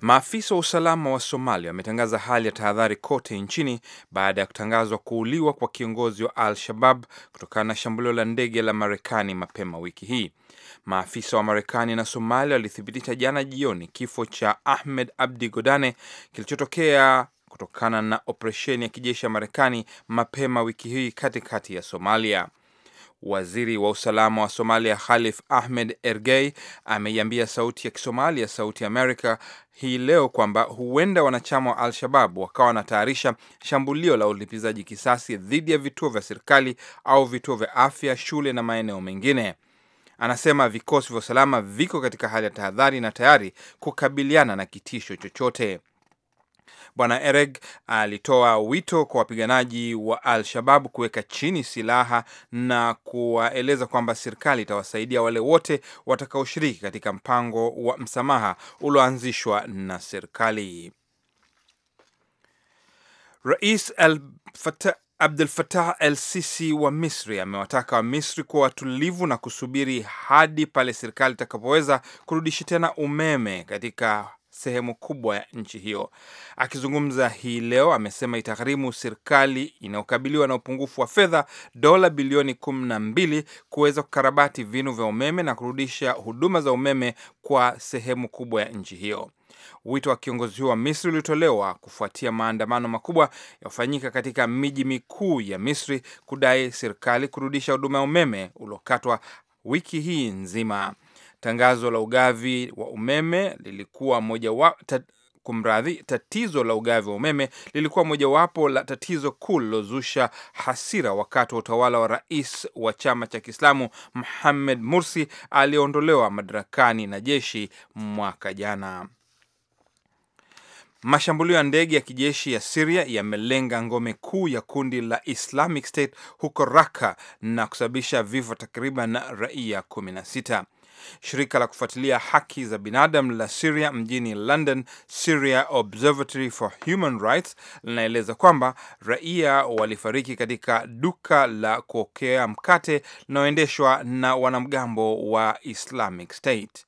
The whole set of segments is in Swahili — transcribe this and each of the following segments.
Maafisa wa usalama wa Somalia wametangaza hali ya tahadhari kote nchini baada ya kutangazwa kuuliwa kwa kiongozi wa Al-Shabab kutokana na shambulio la ndege la Marekani mapema wiki hii. Maafisa wa Marekani na Somalia walithibitisha jana jioni kifo cha Ahmed Abdi Godane kilichotokea kutokana na operesheni ya kijeshi ya Marekani mapema wiki hii katikati ya Somalia. Waziri wa usalama wa Somalia Khalif Ahmed Ergey ameiambia Sauti ya Kisomalia Sauti Amerika hii leo kwamba huenda wanachama wa Al-Shabab wakawa wanatayarisha shambulio la ulipizaji kisasi dhidi ya vituo vya serikali au vituo vya afya, shule na maeneo mengine. Anasema vikosi vya usalama viko katika hali ya tahadhari na tayari kukabiliana na kitisho chochote. Bwana Ereg alitoa wito kwa wapiganaji wa Al-Shabab kuweka chini silaha na kuwaeleza kwamba serikali itawasaidia wale wote watakaoshiriki katika mpango wa msamaha ulioanzishwa na serikali. Rais abdul fatah El Sisi wa Misri amewataka Wamisri kuwa watulivu na kusubiri hadi pale serikali itakapoweza kurudisha tena umeme katika sehemu kubwa ya nchi hiyo. Akizungumza hii leo, amesema itagharimu serikali inayokabiliwa na upungufu wa fedha dola bilioni kumi na mbili kuweza kukarabati vinu vya umeme na kurudisha huduma za umeme kwa sehemu kubwa ya nchi hiyo. Wito wa kiongozi huo wa Misri uliotolewa kufuatia maandamano makubwa yafanyika katika miji mikuu ya Misri kudai serikali kurudisha huduma ya umeme uliokatwa wiki hii nzima. Tangazo la ugavi wa umeme lilikuwa moja wa, ta, kumradhi, tatizo la ugavi wa umeme lilikuwa mojawapo la tatizo kuu lilozusha hasira wakati wa utawala wa rais wa chama cha Kiislamu Muhammad Mursi aliyeondolewa madarakani na jeshi mwaka jana. Mashambulio ya ndege ya kijeshi ya Siria yamelenga ngome kuu ya kundi la Islamic State huko Raka na kusababisha vifo takriban raia 16. Shirika la kufuatilia haki za binadamu la Syria mjini London, Syria Observatory for Human Rights, linaeleza kwamba raia walifariki katika duka la kuokea mkate linaoendeshwa na wanamgambo wa Islamic State.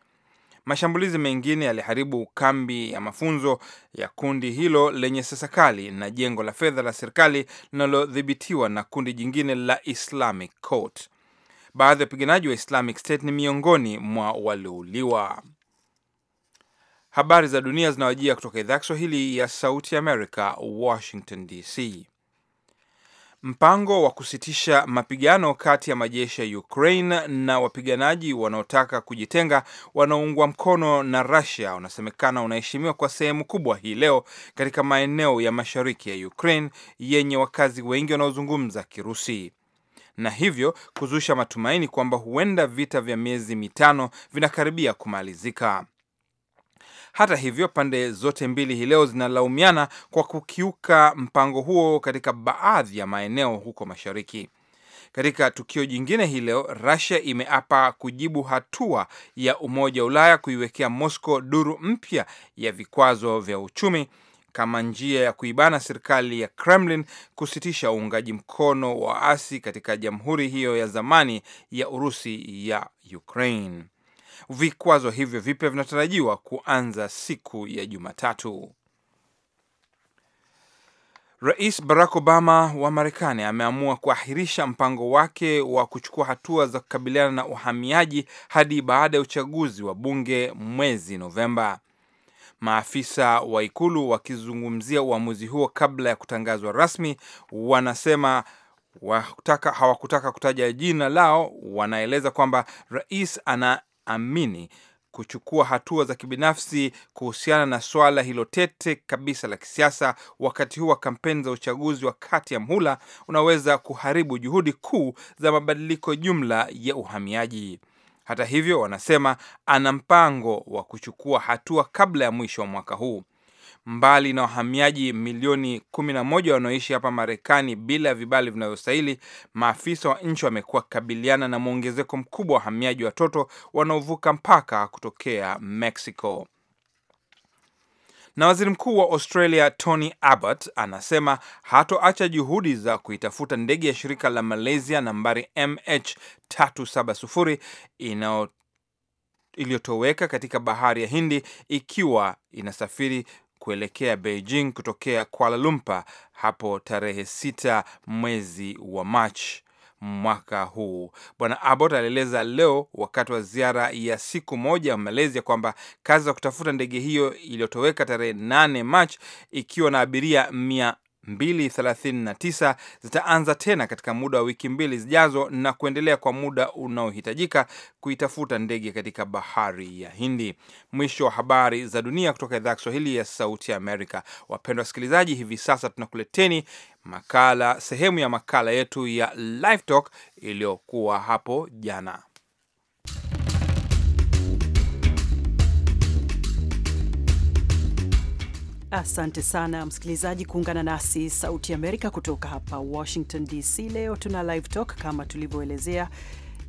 Mashambulizi mengine yaliharibu kambi ya mafunzo ya kundi hilo lenye siasa kali na jengo la fedha la serikali linalodhibitiwa na kundi jingine la Islamic Court baadhi ya wapiganaji wa Islamic State ni miongoni mwa waliouliwa. Habari za dunia zinawajia kutoka idhaa ya Kiswahili ya Sauti Amerika, Washington DC. Mpango wa kusitisha mapigano kati ya majeshi ya Ukraine na wapiganaji wanaotaka kujitenga wanaoungwa mkono na Russia unasemekana unaheshimiwa kwa sehemu kubwa hii leo katika maeneo ya mashariki ya Ukraine yenye wakazi wengi wanaozungumza Kirusi na hivyo kuzusha matumaini kwamba huenda vita vya miezi mitano vinakaribia kumalizika. Hata hivyo pande zote mbili hii leo zinalaumiana kwa kukiuka mpango huo katika baadhi ya maeneo huko mashariki. Katika tukio jingine hii leo, Russia imeapa kujibu hatua ya Umoja wa Ulaya kuiwekea Moscow duru mpya ya vikwazo vya uchumi kama njia ya kuibana serikali ya Kremlin kusitisha uungaji mkono wa waasi katika jamhuri hiyo ya zamani ya Urusi ya Ukraine. Vikwazo hivyo vipya vinatarajiwa kuanza siku ya Jumatatu. Rais Barack Obama wa Marekani ameamua kuahirisha mpango wake wa kuchukua hatua za kukabiliana na uhamiaji hadi baada ya uchaguzi wa bunge mwezi Novemba. Maafisa wa ikulu wakizungumzia uamuzi huo kabla ya kutangazwa rasmi, wanasema wataka, hawakutaka kutaja jina lao. Wanaeleza kwamba rais anaamini kuchukua hatua za kibinafsi kuhusiana na swala hilo tete kabisa la kisiasa wakati huu wa kampeni za uchaguzi wa kati ya mhula unaweza kuharibu juhudi kuu za mabadiliko jumla ya uhamiaji. Hata hivyo, wanasema ana mpango wa kuchukua hatua kabla ya mwisho wa mwaka huu. Mbali na wahamiaji milioni 11 wanaoishi hapa Marekani bila vibali vinavyostahili, maafisa wa nchi wamekuwa kukabiliana na mwongezeko mkubwa wa wahamiaji watoto wanaovuka mpaka kutokea Mexico. Na waziri mkuu wa Australia Tony Abbott anasema hatoacha juhudi za kuitafuta ndege ya shirika la Malaysia nambari MH370 iliyotoweka katika bahari ya Hindi ikiwa inasafiri kuelekea Beijing kutokea Kuala Lumpur hapo tarehe 6 mwezi wa Machi mwaka huu. Bwana Abbott alieleza leo wakati wa ziara ya siku moja Malaysia kwamba kazi za kutafuta ndege hiyo iliyotoweka tarehe 8 Machi ikiwa na abiria mia 239 zitaanza tena katika muda wa wiki mbili zijazo na kuendelea kwa muda unaohitajika kuitafuta ndege katika bahari ya Hindi. Mwisho wa habari za dunia kutoka idhaa ya Kiswahili ya Sauti ya Amerika. Wapendwa wasikilizaji, hivi sasa tunakuleteni makala, sehemu ya makala yetu ya Live Talk iliyokuwa hapo jana. Asante sana msikilizaji kuungana nasi Sauti Amerika kutoka hapa Washington DC. Leo tuna live talk kama tulivyoelezea,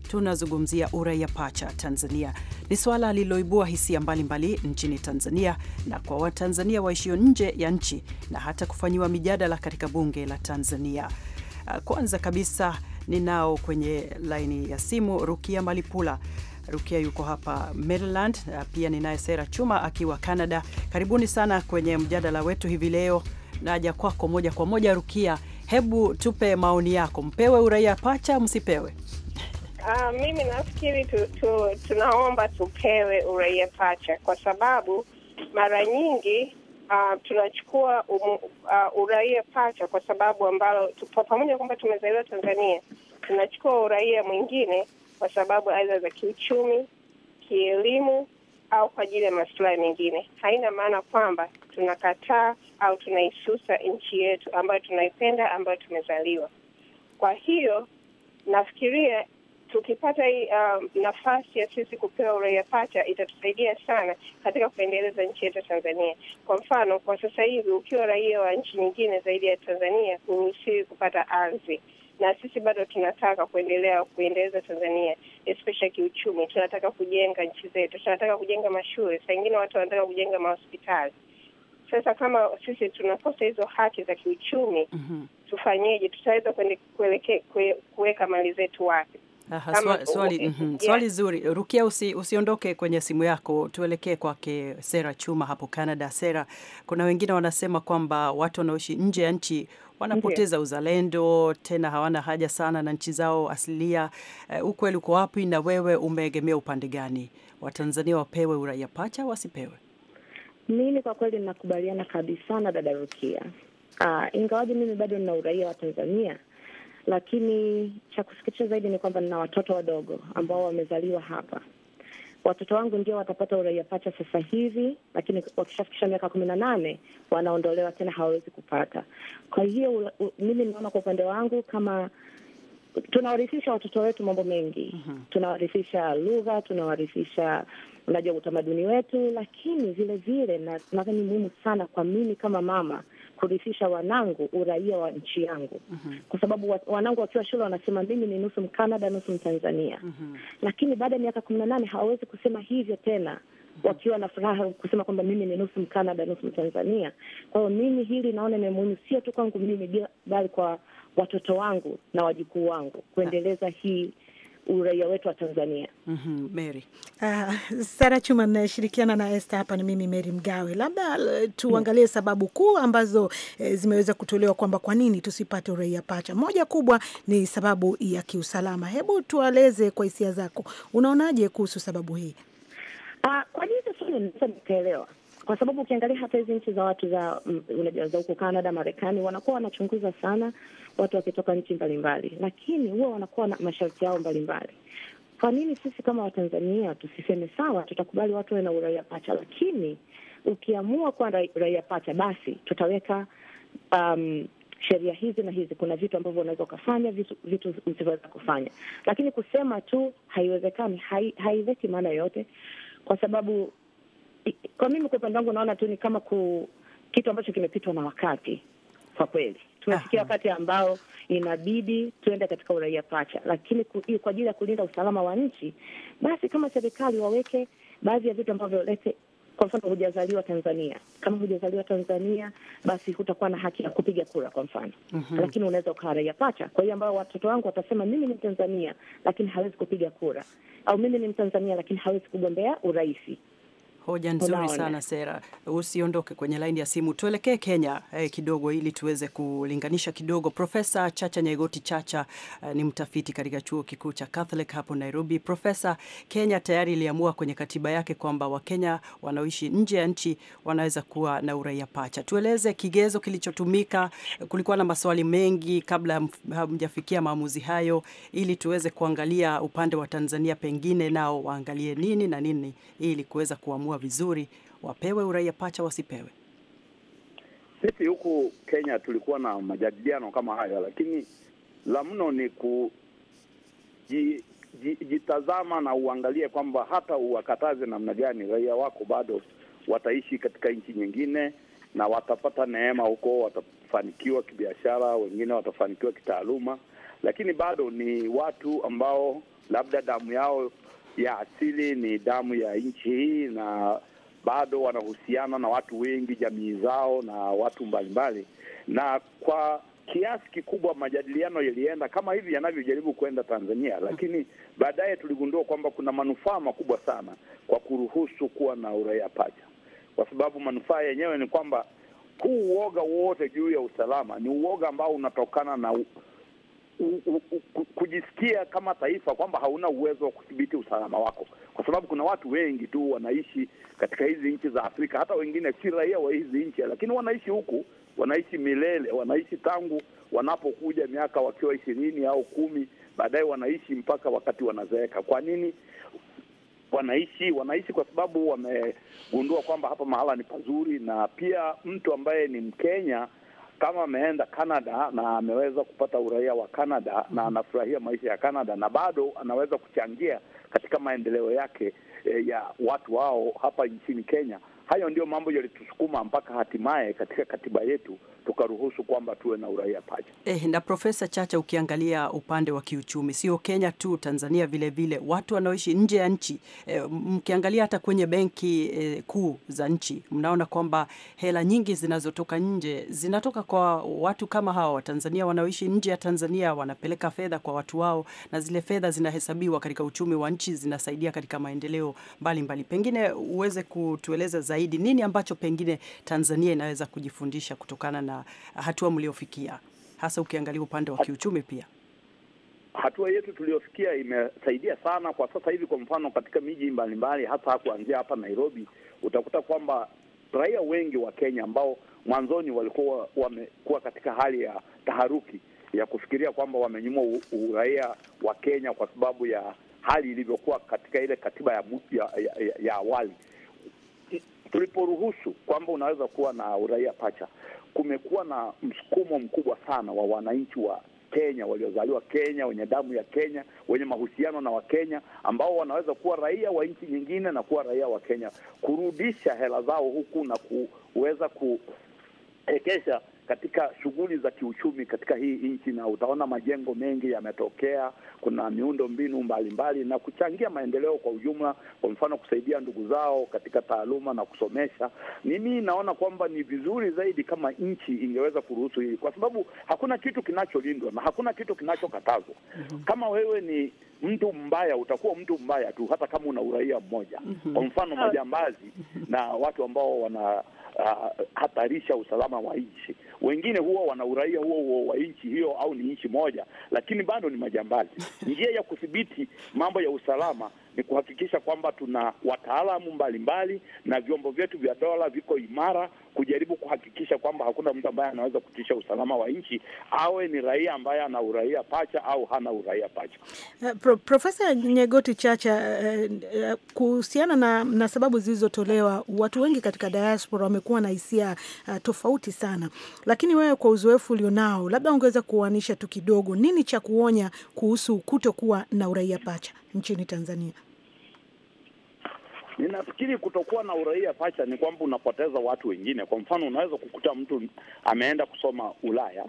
tunazungumzia uraia pacha Tanzania. Ni suala liloibua hisia mbalimbali nchini Tanzania na kwa Watanzania waishio nje ya nchi na hata kufanyiwa mijadala katika bunge la Tanzania. Kwanza kabisa ninao kwenye laini ya simu Rukia Malipula Rukia yuko hapa Maryland, pia ninaye Sera Chuma akiwa Canada. Karibuni sana kwenye mjadala wetu hivi leo. Naja kwako moja kwa moja, Rukia, hebu tupe maoni yako, mpewe uraia pacha msipewe? Uh, mimi nafikiri tu, tu, tunaomba tupewe uraia pacha kwa sababu mara nyingi uh, tunachukua um, uh, uraia pacha kwa sababu ambalo pamoja kwamba tumezaliwa Tanzania tunachukua uraia mwingine kwa sababu aidha za kiuchumi, kielimu au kwa ajili ya masilahi mengine. Haina maana kwamba tunakataa au tunaisusa nchi yetu ambayo tunaipenda, ambayo tumezaliwa. Kwa hiyo nafikiria tukipata hii uh, nafasi ya sisi kupewa uraia pacha itatusaidia sana katika kuendeleza nchi yetu ya Tanzania. Kwa mfano, kwa sasa hivi ukiwa raia wa nchi nyingine zaidi ya Tanzania huruhusiwi kupata ardhi na sisi bado tunataka kuendelea kuendeleza Tanzania especially kiuchumi. Tunataka kujenga nchi zetu, tunataka kujenga mashule, saa ingine watu wanataka kujenga mahospitali. Sasa kama sisi tunakosa hizo haki za kiuchumi mm -hmm. Tufanyeje? tutaweza kuweka mali zetu wapi? Aha, swali, mm -hmm. Swali zuri Rukia, usi, usiondoke kwenye simu yako, tuelekee kwake Sera Chuma hapo Canada. Sera, kuna wengine wanasema kwamba watu wanaoishi nje ya nchi wanapoteza uzalendo, tena hawana haja sana na nchi zao asilia. Uh, ukweli uko wapi? Na wewe umeegemea upande gani? Watanzania wapewe uraia pacha, wasipewe? Mimi kwa kweli nakubaliana kabisa na dada Rukia. Uh, ah, ingawaji mimi bado nina uraia wa Tanzania lakini cha kusikitisha zaidi ni kwamba nina watoto wadogo ambao wamezaliwa hapa. Watoto wangu ndio watapata uraia pacha sasa hivi, lakini wakishafikisha miaka kumi na nane wanaondolewa tena, hawawezi kupata. Kwa hiyo mimi naona kwa upande wangu kama tunawarithisha watoto wetu mambo mengi uh mhm. -huh. Tunawarithisha lugha, tunawarithisha unajua utamaduni wetu, lakini vilevile nadhani muhimu sana kwa mimi kama mama kurithisha wanangu uraia wa nchi yangu mm -hmm. kwa sababu wanangu wakiwa shule wanasema mimi ni nusu Mkanada nusu Mtanzania mm -hmm. lakini baada ya miaka kumi na nane hawawezi kusema hivyo tena mhm. wakiwa na furaha kusema kwamba mimi ni nusu Mkanada nusu Mtanzania. Kwa hiyo mimi hili naona ni muhimu, sio tu kwangu mimi, bali kwa watoto wangu na wajukuu wangu, kuendeleza hii uraia wetu wa Tanzania. mm -hmm, Mary. Uh, ah, Sara Chuma nashirikiana na Esther hapa, na mimi Mary Mgawe. Labda uh, tuangalie sababu kuu ambazo e, zimeweza kutolewa kwamba kwa nini tusipate uraia pacha. Moja kubwa ni sababu ya kiusalama. Hebu tualeze kwa hisia zako, unaonaje kuhusu sababu hii? Uh, kwa nini sasa nikaelewa kwa sababu ukiangalia hata hizi nchi za watu za mm, unajua za huko Canada, Marekani, wanakuwa wanachunguza sana watu wakitoka nchi mbalimbali, lakini huwa wanakuwa na masharti yao mbalimbali. Kwa nini sisi kama Watanzania tusiseme sawa, tutakubali watu wawe na uraia pacha, lakini ukiamua kuwa raia pacha, basi tutaweka um, sheria hizi na hizi. Kuna vitu ambavyo unaweza ukafanya, vitu, vitu usivyoweza kufanya, lakini kusema tu haiwezekani haiweki hai maana yoyote, kwa sababu kwa mimi kwa upande wangu naona tu ni kama ku, kitu ambacho kimepitwa na wakati kwa kweli. Tumefikia wakati ambao inabidi tuende katika uraia pacha, lakini kwa ajili ya kulinda usalama wa nchi, basi kama serikali waweke baadhi ya vitu ambavyo lete kwa mfano hujazaliwa Tanzania. Kama hujazaliwa Tanzania, basi hutakuwa na haki ya kupiga kura kwa mfano mm -hmm. Lakini unaweza ukawa raia pacha. Kwa hiyo ambao watoto wangu watasema mimi ni Mtanzania lakini hawezi kupiga kura, au mimi ni Mtanzania lakini hawezi kugombea urais, Hoja nzuri sana Sera, usiondoke kwenye laini ya simu, tuelekee Kenya eh, kidogo ili tuweze kulinganisha kidogo. Profesa Chacha Nyaigoti Chacha eh, ni mtafiti katika chuo kikuu cha Catholic hapo Nairobi. Profesa, Kenya tayari iliamua kwenye katiba yake kwamba Wakenya wanaoishi nje ya nchi wanaweza kuwa na uraia pacha. Tueleze kigezo kilichotumika. Kulikuwa na maswali mengi kabla hamjafikia maamuzi hayo, ili tuweze kuangalia upande wa Tanzania, pengine nao waangalie nini na nini ili kuweza kuamua kupumua vizuri, wapewe uraia pacha, wasipewe? Sisi huku Kenya tulikuwa na majadiliano kama hayo, lakini la mno ni kujitazama na uangalie kwamba hata uwakataze namna gani, raia wako bado wataishi katika nchi nyingine na watapata neema huko, watafanikiwa kibiashara, wengine watafanikiwa kitaaluma, lakini bado ni watu ambao labda damu yao ya asili, ni damu ya nchi hii, na bado wanahusiana na watu wengi, jamii zao na watu mbalimbali, na kwa kiasi kikubwa majadiliano yalienda kama hivi yanavyojaribu kwenda Tanzania, lakini baadaye tuligundua kwamba kuna manufaa makubwa sana kwa kuruhusu kuwa na uraia pacha, kwa sababu manufaa yenyewe ni kwamba huu uoga wote juu ya usalama ni uoga ambao unatokana na kujisikia kama taifa kwamba hauna uwezo wa kudhibiti usalama wako, kwa sababu kuna watu wengi tu wanaishi katika hizi nchi za Afrika, hata wengine si raia wa hizi nchi, lakini wanaishi huku, wanaishi milele, wanaishi tangu wanapokuja miaka wakiwa ishirini au kumi, baadaye wanaishi mpaka wakati wanazeeka. Kwa nini wanaishi? Wanaishi kwa sababu wamegundua kwamba hapa mahala ni pazuri, na pia mtu ambaye ni Mkenya kama ameenda Canada na ameweza kupata uraia wa Canada na mm-hmm. anafurahia maisha ya Canada na bado anaweza kuchangia katika maendeleo yake e, ya watu wao hapa nchini Kenya. Hayo ndio mambo yalitusukuma mpaka hatimaye katika katiba yetu tukaruhusu kwamba tuwe na uraia pacha. Eh, na Profesa Chacha, ukiangalia upande wa kiuchumi, sio Kenya tu, Tanzania vile vile, watu wanaoishi nje ya nchi eh, mkiangalia hata kwenye benki eh, kuu za nchi, mnaona kwamba hela nyingi zinazotoka nje zinatoka kwa watu kama hawa Watanzania wanaoishi nje ya Tanzania, wanapeleka fedha kwa watu wao, na zile fedha zinahesabiwa katika uchumi wa nchi, zinasaidia katika maendeleo mbalimbali mbali. Pengine uweze kutueleza zaidi nini ambacho pengine Tanzania inaweza kujifundisha kutokana na na hatua mliofikia, hasa ukiangalia upande wa kiuchumi pia? Hatua yetu tuliyofikia imesaidia sana kwa sasa hivi. Kwa mfano, katika miji mbalimbali, hasa kuanzia hapa Nairobi, utakuta kwamba raia wengi wa Kenya ambao mwanzoni walikuwa wamekuwa katika hali ya taharuki ya kufikiria kwamba wamenyimwa uraia wa Kenya kwa sababu ya hali ilivyokuwa katika ile katiba ya, ya, ya, ya awali, Tuliporuhusu kwamba unaweza kuwa na uraia pacha, kumekuwa na msukumo mkubwa sana wa wananchi wa Kenya waliozaliwa Kenya, wenye damu ya Kenya, wenye mahusiano na Wakenya ambao wanaweza kuwa raia wa nchi nyingine na kuwa raia wa Kenya, kurudisha hela zao huku na kuweza kuekesha katika shughuli za kiuchumi katika hii nchi, na utaona majengo mengi yametokea. Kuna miundo mbinu mbalimbali mbali, na kuchangia maendeleo kwa ujumla, kwa mfano kusaidia ndugu zao katika taaluma na kusomesha. Mimi naona kwamba ni vizuri zaidi kama nchi ingeweza kuruhusu hili, kwa sababu hakuna kitu kinacholindwa na hakuna kitu kinachokatazwa. Mhm. Kama wewe ni mtu mbaya utakuwa mtu mbaya tu, hata kama una uraia mmoja. mm -hmm. Kwa mfano majambazi na watu ambao wanahatarisha ah, uh, usalama wa nchi wengine huwa wana uraia huo huo wa nchi hiyo au ni nchi moja, lakini bado ni majambazi. Njia ya kudhibiti mambo ya usalama ni kuhakikisha kwamba tuna wataalamu mbalimbali na vyombo vyetu vya dola viko imara kujaribu kuhakikisha kwamba hakuna mtu ambaye anaweza kutisha usalama wa nchi, awe ni raia ambaye ana uraia pacha au hana uraia pacha. Uh, Pro Profesa Nyegoti Chacha, uh, kuhusiana na, na sababu zilizotolewa, watu wengi katika diaspora wamekuwa na hisia uh, tofauti sana. Lakini wewe kwa uzoefu ulionao, labda ungeweza kuanisha tu kidogo, nini cha kuonya kuhusu kutokuwa na uraia pacha nchini Tanzania? Ninafikiri kutokuwa na uraia pacha ni kwamba unapoteza watu wengine. Kwa mfano, unaweza kukuta mtu ameenda kusoma Ulaya,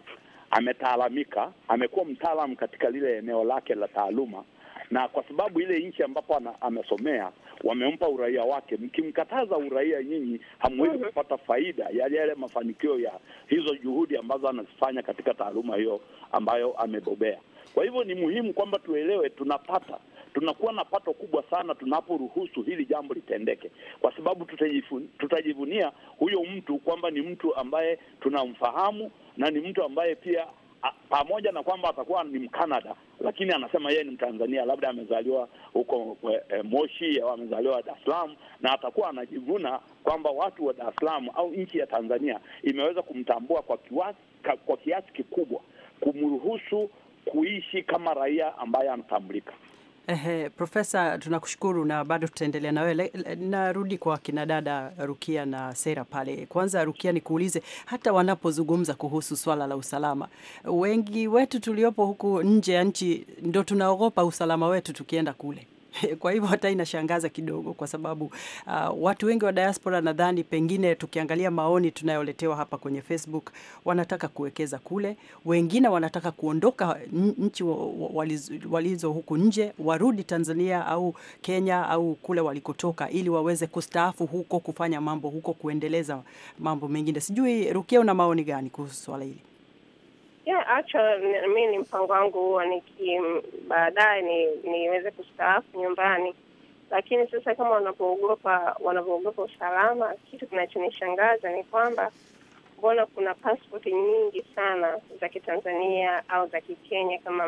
ametaalamika, amekuwa mtaalam katika lile eneo lake la taaluma na kwa sababu ile nchi ambapo ana, amesomea wamempa uraia wake. Mkimkataza uraia, nyinyi hamwezi mhm. kupata faida ya yale mafanikio ya hizo juhudi ambazo anazifanya katika taaluma hiyo ambayo amebobea. Kwa hivyo ni muhimu kwamba tuelewe, tunapata tunakuwa na pato kubwa sana tunaporuhusu hili jambo litendeke, kwa sababu tutajivunia huyo mtu kwamba ni mtu ambaye tunamfahamu na ni mtu ambaye pia pamoja na kwamba atakuwa ni Mkanada, lakini anasema yeye ni Mtanzania, labda amezaliwa huko e, Moshi au amezaliwa Dar es Salaam, na atakuwa anajivuna kwamba watu wa Dar es Salaam au nchi ya Tanzania imeweza kumtambua kwa kiasi, kwa kiasi kikubwa kumruhusu kuishi kama raia ambaye anatambulika. Ehe, Profesa, tunakushukuru na bado tutaendelea na wewe. Narudi kwa kina dada Rukia na Sera pale. Kwanza Rukia, nikuulize, hata wanapozungumza kuhusu swala la usalama, wengi wetu tuliopo huku nje ya nchi ndo tunaogopa usalama wetu tukienda kule Kwa hivyo hata inashangaza kidogo, kwa sababu uh, watu wengi wa diaspora nadhani, pengine tukiangalia maoni tunayoletewa hapa kwenye Facebook, wanataka kuwekeza kule, wengine wanataka kuondoka nchi walizo, walizo huku nje warudi Tanzania au Kenya au kule walikotoka, ili waweze kustaafu huko, kufanya mambo huko, kuendeleza mambo mengine. Sijui Rukia, una maoni gani kuhusu swala hili? Yeah, actually mi ni mpango wangu huo niki baadaye ni, niweze kustaafu nyumbani, lakini sasa kama wanapoogopa wanapoogopa usalama, kitu kinachonishangaza ni kwamba mbona kuna passport nyingi sana za Kitanzania au za Kikenya kama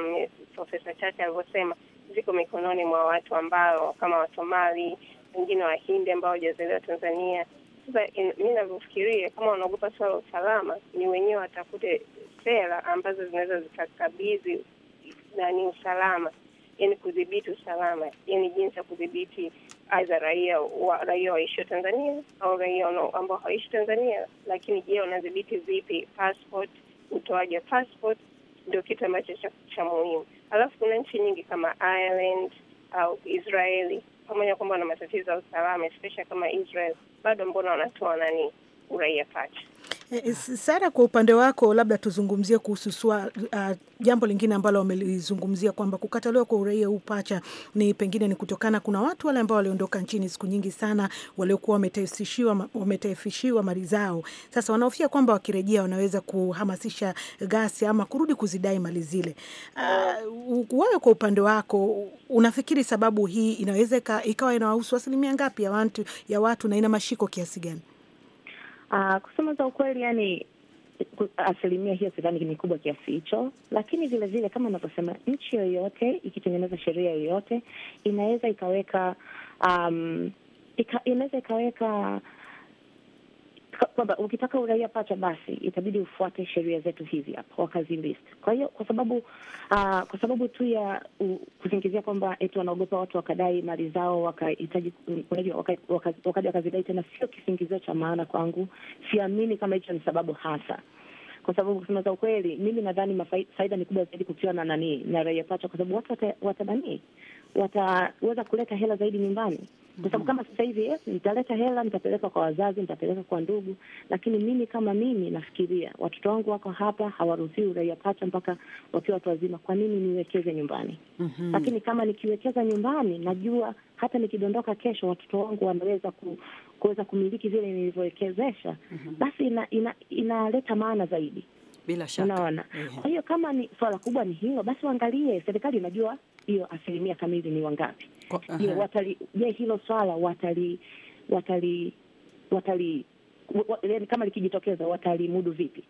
Profesa Chacha alivyosema, ziko mikononi mwa watu ambao kama Wasomali, wengine Wahindi ambao hawajazaliwa Tanzania. Sasa mi navyofikiria, kama wanaogopa swala usalama, ni wenyewe watakute sera ambazo zinaweza zikakabidhi nani usalama, yani kudhibiti usalama, yani jinsi ya kudhibiti aidha raia wa raia waishio Tanzania au raia ambao hawaishi Tanzania. Lakini je, wanadhibiti vipi passport, utoaji wa passport? Ndio kitu ambacho cha, cha muhimu. Alafu kuna nchi nyingi kama Ireland au Israeli, pamoja kwamba wana matatizo ya usalama especially kama Israel, bado mbona wanatoa nani uraia pacha Eh, eh, Sara, kwa upande wako labda tuzungumzie kuhusu swa, uh, jambo lingine ambalo wamelizungumzia kwamba kukataliwa kwa uraia pacha ni pengine ni kutokana, kuna watu wale ambao waliondoka nchini siku nyingi sana waliokuwa wametaifishiwa mali zao. Sasa wanahofia kwamba wakirejea wanaweza kuhamasisha gasi ama kurudi kuzidai mali zile. Uh, wewe kwa upande wako unafikiri sababu hii inaweza ikawa inawahusu asilimia ngapi ya watu, ya watu na ina mashiko kiasi gani? Uh, kusema za ukweli, yani asilimia hiyo sidhani ni kubwa kiasi hicho, lakini vile vile kama unavyosema, nchi yoyote ikitengeneza sheria yoyote inaweza ikaweka um, ika, inaweza ikaweka kwamba ukitaka uraia pacha basi itabidi ufuate sheria zetu hizi hapa, wakazi list. Kwa hiyo kwa sababu uh, kwa sababu tu ya uh, kusingizia kwamba eti wanaogopa watu wakadai mali zao wakahitaji wakaja waka, waka, waka wakazidai tena, sio kisingizio cha maana kwangu. Siamini kama hicho ni sababu hasa kwa sababu kusema za ukweli, mimi nadhani faida ni kubwa zaidi kukiwa na nani na raia pacha, kwa sababu watu watananii wataweza kuleta hela zaidi nyumbani kwa sababu kama sasa hivi eh, nitaleta hela, nitapeleka kwa wazazi, nitapeleka kwa ndugu, lakini mimi kama mimi nafikiria watoto wangu wako hapa, hawaruhusiwi uraia pacha mpaka wakiwa watu wazima. Kwa nini niwekeze nyumbani? mm -hmm. Lakini kama nikiwekeza nyumbani, najua hata nikidondoka kesho, watoto wangu wanaweza ku, kuweza kumiliki vile nilivyowekezesha. mm -hmm. Basi ina, ina, maana zaidi, bila shaka unaona. Kwa hiyo kama ni swala kubwa ni hilo, basi waangalie serikali inajua hiyo asilimia kamili ni wangapi je, watali je hilo swala watali watali watali, watali kama likijitokeza watalimudu vipi?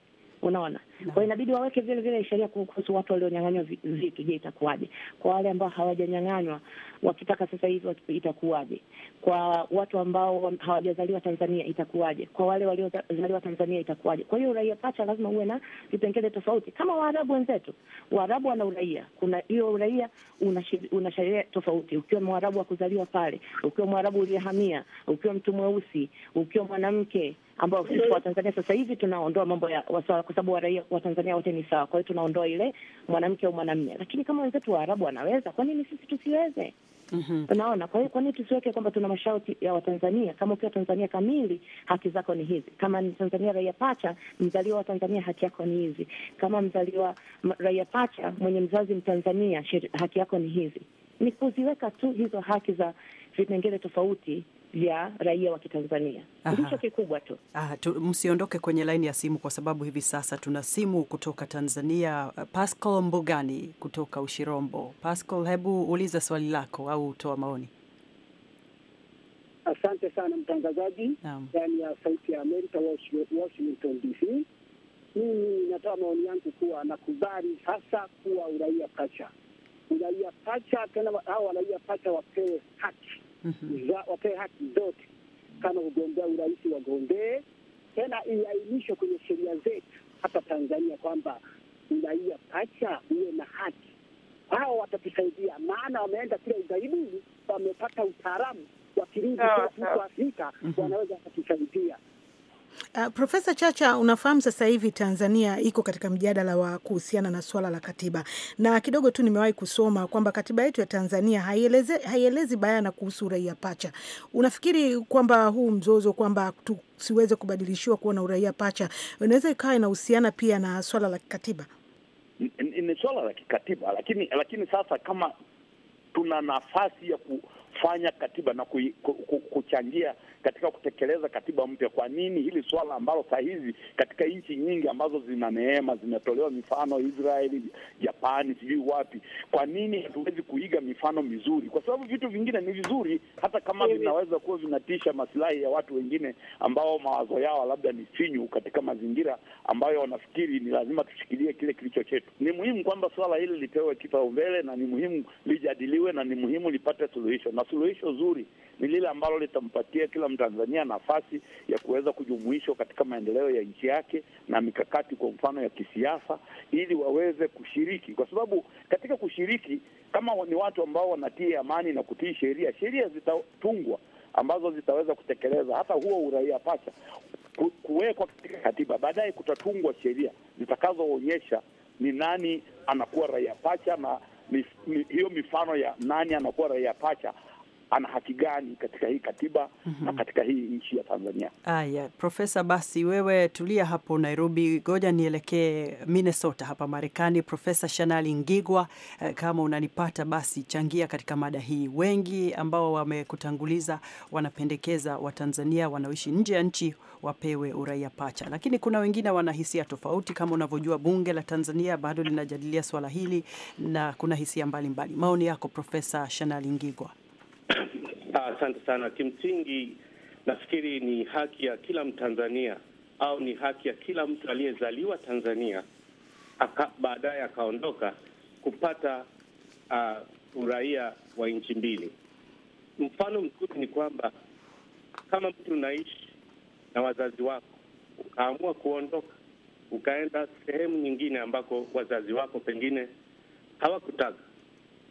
unaona. Kwa inabidi waweke vile vile sheria kuhusu watu walionyang'anywa vitu. Je, itakuwaje kwa wale ambao hawajanyang'anywa? Wakitaka sasa hivi itakuwaje? Kwa watu ambao hawajazaliwa Tanzania itakuwaje? Kwa wale waliozaliwa Tanzania itakuwaje? Kwa hiyo uraia pacha lazima uwe na vipengele tofauti, kama Waarabu wenzetu. Waarabu wana uraia, kuna hiyo uraia una sheria tofauti. Ukiwa Mwarabu wa kuzaliwa pale, ukiwa Mwarabu uliyehamia, ukiwa mtu mweusi, ukiwa mwanamke ambao sisi wa Tanzania sasa hivi tunaondoa mambo ya wasawa, kwa sababu raia wa Tanzania wote ni sawa. Kwa hiyo tunaondoa ile mwanamke au mwanamume, lakini kama wenzetu wa Arabu wanaweza, kwa nini sisi tusiweze? Mm-hmm. Unaona, kwa hiyo kwa nini tusiweke kwamba tuna masharti ya Watanzania? Kama ukiwa Tanzania kamili, haki zako ni hizi. Kama ni Tanzania raia pacha, mzaliwa wa Tanzania, haki yako ni hizi. Kama mzaliwa raia pacha mwenye mzazi Mtanzania, haki yako ni hizi. Ni kuziweka tu hizo haki za vipengele tofauti ya raia wa Kitanzania ndicho kikubwa tu. Aha, tu. Msiondoke kwenye laini ya simu kwa sababu hivi sasa tuna simu kutoka Tanzania. Uh, Pascal Mbugani kutoka Ushirombo. Pascal, hebu uliza swali lako au toa maoni. Asante sana mtangazaji ndani ya Sauti ya Amerika, Washington DC. Mimi natoa maoni yangu kuwa nakubali sasa kuwa uraia pacha, uraia pacha tena, au waraia pacha wapewe haki Mhm. za wapewe haki zote. Kama ugombea urais wagombee, tena iainishwe kwenye sheria zetu hapa Tanzania kwamba uraia pacha uwe na haki. Hao watatusaidia, maana wameenda kule ughaibuni, wamepata utaalamu wa Kirundi huko Afrika, mhm. wanaweza wakatusaidia. Uh, Profesa Chacha, unafahamu sasa hivi Tanzania iko katika mjadala wa kuhusiana na swala la katiba, na kidogo tu nimewahi kusoma kwamba katiba yetu ya Tanzania haieleze, haielezi bayana kuhusu uraia pacha. Unafikiri kwamba huu mzozo kwamba tusiweze kubadilishiwa kuwa na uraia pacha inaweza ikawa inahusiana pia na swala la kikatiba? Ni swala la kikatiba, lakini lakini sasa kama tuna nafasi ya ku fanya katiba na kuchangia katika kutekeleza katiba mpya. Kwa nini hili swala ambalo saa hizi katika nchi nyingi ambazo zina neema zimetolewa mifano Israeli, Japani, sijui wapi, kwa nini hatuwezi kuiga mifano mizuri? Kwa sababu vitu vingine ni vizuri, hata kama vinaweza kuwa vinatisha masilahi ya watu wengine ambao mawazo yao labda ni finyu, katika mazingira ambayo wanafikiri ni lazima tushikilie kile kilicho chetu. Ni muhimu kwamba swala hili lipewe kipaumbele na ni muhimu lijadiliwe na ni muhimu lipate suluhisho na suluhisho zuri ni lile ambalo litampatia kila Mtanzania nafasi ya kuweza kujumuishwa katika maendeleo ya nchi yake na mikakati, kwa mfano ya kisiasa, ili waweze kushiriki, kwa sababu katika kushiriki, kama ni watu ambao wanatii amani na kutii sheria, sheria zitatungwa ambazo zitaweza kutekeleza hata huo uraia pacha kuwekwa katika katiba. Baadaye kutatungwa sheria zitakazoonyesha ni nani anakuwa raia pacha na mif, hiyo mifano ya nani anakuwa raia pacha ana haki gani katika hii katiba mm -hmm. na mhm. katika hii nchi ya Tanzania. Haya, Profesa, basi wewe tulia hapo Nairobi, goja nielekee Minnesota hapa Marekani. Profesa Shanali Ngigwa, eh, kama unanipata basi changia katika mada hii. Wengi ambao wamekutanguliza wanapendekeza Watanzania wanaoishi nje ya nchi wapewe uraia pacha, lakini kuna wengine wana hisia tofauti. Kama unavyojua, bunge la Tanzania bado linajadilia swala hili na kuna hisia mbalimbali. Maoni yako Profesa Shanali Ngigwa? Ah, asante ah, sana. Kimsingi nafikiri ni haki ya kila Mtanzania au ni haki ya kila mtu aliyezaliwa Tanzania baadaye akaondoka kupata uh, uraia wa nchi mbili. Mfano mzuri ni kwamba kama mtu unaishi na wazazi wako ukaamua kuondoka ukaenda sehemu nyingine ambako wazazi wako pengine hawakutaka,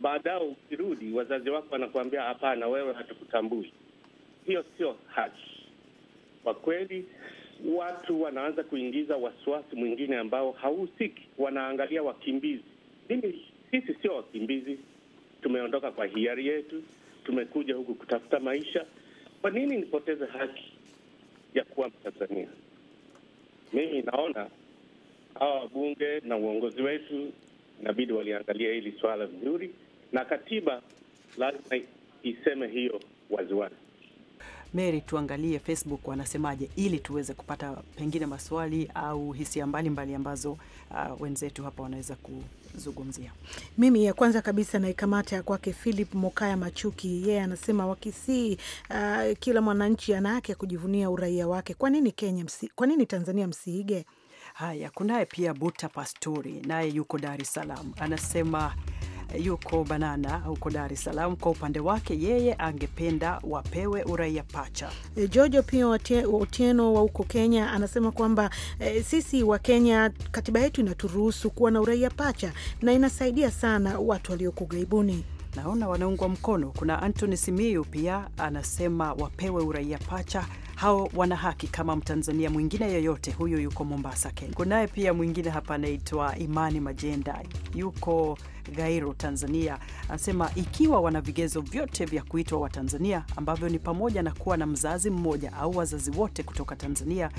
baadao ukirudi wazazi wako wanakuambia hapana, wewe hatukutambui. Hiyo sio haki kwa kweli. Watu wanaanza kuingiza wasiwasi mwingine ambao hauhusiki. Wanaangalia wakimbizi. Mimi, sisi sio wakimbizi, tumeondoka kwa hiari yetu, tumekuja huku kutafuta maisha. Kwa nini nipoteze haki ya kuwa Mtanzania? Mimi naona hawa wabunge na uongozi wetu inabidi waliangalia hili swala vizuri, na katiba lazima iseme hiyo waziwazi. Mary, tuangalie Facebook wanasemaje, ili tuweze kupata pengine maswali au hisia mbalimbali ambazo uh, wenzetu hapa wanaweza kuzungumzia. Mimi ya kwanza kabisa naikamata ya kwake Philip Mokaya Machuki, yeye yeah, anasema wakisii, uh, kila mwananchi ana haki ya kujivunia uraia wake. Kwa nini Kenya msi, kwa nini Tanzania msiige? Haya, kunaye pia Buta pastori naye yuko Dar es Salaam, anasema eh, yuko Banana huko Dar es Salaam. Kwa upande wake yeye angependa wapewe uraia pacha. Eh, Jojo pia Otieno wa huko Kenya anasema kwamba e, sisi wa Kenya katiba yetu inaturuhusu kuwa na uraia pacha na inasaidia sana watu walioko ughaibuni. Naona wanaungwa mkono. Kuna antony Simiyu pia anasema wapewe uraia pacha hao wana haki kama Mtanzania mwingine yoyote. huyu yuko Mombasa, Kenya. Kunaye pia mwingine hapa anaitwa Imani Majenda, yuko Gairo, Tanzania, anasema ikiwa wana vigezo vyote vya kuitwa Watanzania ambavyo ni pamoja na kuwa na mzazi mmoja au wazazi wote kutoka Tanzania,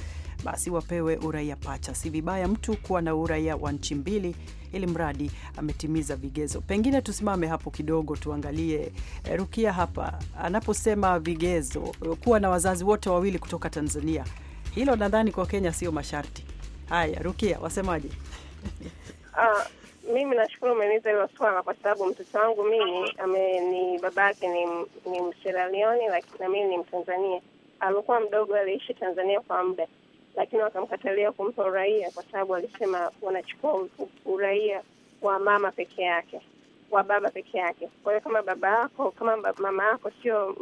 basi wapewe uraia pacha. Si vibaya mtu kuwa na uraia wa nchi mbili ili mradi ametimiza vigezo. Pengine tusimame hapo kidogo, tuangalie eh, Rukia hapa anaposema vigezo, kuwa na wazazi wote wawili kutoka Tanzania. Hilo nadhani kwa Kenya sio masharti. Haya, Rukia, wasemaje? Ah, mimi nashukuru umeniza hilo swala, kwa sababu mtoto wangu mimi ame, ni baba yake ni, ni mseralioni lakini na mimi ni Mtanzania. Alikuwa mdogo, aliishi Tanzania kwa muda, lakini wakamkatalia kumpa uraia kwa sababu walisema wanachukua uraia wa mama peke yake, wa baba peke yake. Kwa hiyo kama baba yako kama mama yako sio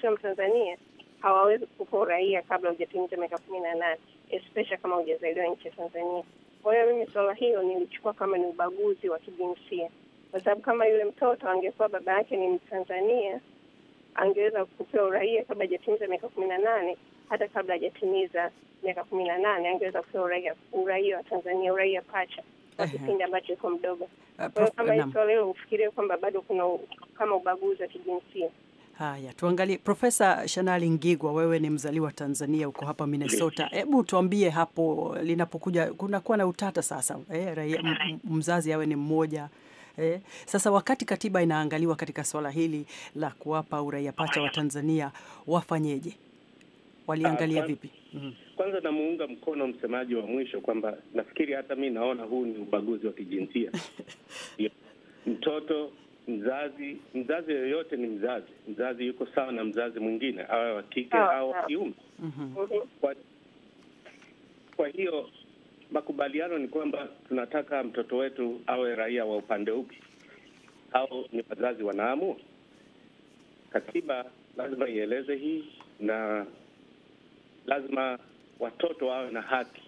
sio Mtanzania, hawawezi kukupa uraia kabla ujatimiza miaka kumi na nane especially kama ujazaliwa nchi ya Tanzania. Kwa hiyo mimi swala hilo nilichukua kama ni ubaguzi wa kijinsia, kwa sababu kama yule mtoto angekuwa baba yake ni Mtanzania angeweza kupewa uraia kabla hajatimiza miaka kumi na nane. Hata kabla hajatimiza miaka kumi na nane angeweza kupewa uraia, uraia wa Tanzania, uraia pacha kwa kipindi ambacho iko mdogo. Uh, kwa hiyo kama hii hilo ufikirie kwamba bado kuna kama ubaguzi wa kijinsia. Haya, tuangalie Profesa Shanali Ngigwa, wewe ni mzaliwa Tanzania, uko hapa Minnesota. Hebu tuambie hapo linapokuja kunakuwa na utata sasa, eh, raia mzazi awe ni mmoja eh. Sasa wakati katiba inaangaliwa katika swala hili la kuwapa uraia pacha wa Tanzania, wafanyeje? Waliangalia ah, vipi? Mm. Kwanza namuunga mkono msemaji wa mwisho kwamba nafikiri hata mi naona huu ni ubaguzi wa kijinsia mtoto mzazi mzazi yoyote ni mzazi. Mzazi yuko sawa na mzazi mwingine, awe wa kike au wa kiume. Mhm. Mhm. Kwa, kwa hiyo makubaliano ni kwamba tunataka mtoto wetu awe raia wa upande upi, au ni wazazi wanaamua? Katiba lazima ieleze hii, na lazima watoto wawe na haki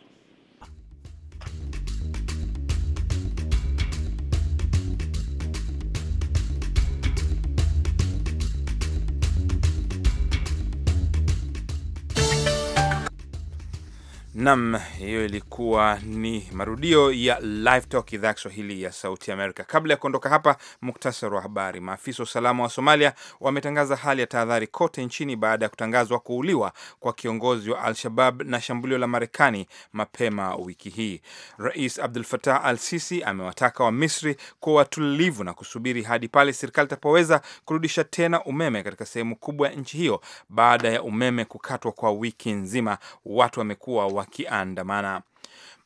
Nam, hiyo ilikuwa ni marudio ya Live Talk idhaa ya Kiswahili ya Sauti Amerika. Kabla ya kuondoka hapa, muktasari wa habari. Maafisa wa usalama wa Somalia wametangaza hali ya tahadhari kote nchini baada ya kutangazwa kuuliwa kwa kiongozi wa Al-Shabab na shambulio la Marekani mapema wiki hii. Rais Abdul fatah Al-Sisi amewataka wa Misri kuwa watulivu na kusubiri hadi pale serikali itapoweza kurudisha tena umeme katika sehemu kubwa ya nchi hiyo baada ya umeme kukatwa kwa wiki nzima. Watu wamekuwa wa wakiandamana.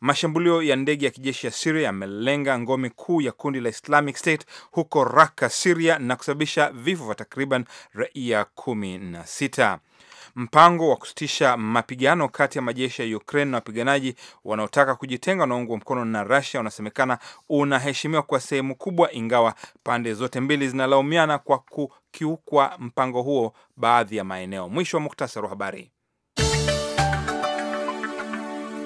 Mashambulio ya ndege ya kijeshi ya Siria yamelenga ngome kuu ya kundi la Islamic State huko Raka, Siria, na kusababisha vifo vya takriban raia kumi na sita. Mpango wa kusitisha mapigano kati ya majeshi ya Ukraine na wapiganaji wanaotaka kujitenga wanaungwa mkono na Russia unasemekana unaheshimiwa kwa sehemu kubwa, ingawa pande zote mbili zinalaumiana kwa kukiukwa mpango huo baadhi ya maeneo. Mwisho wa muktasari wa habari.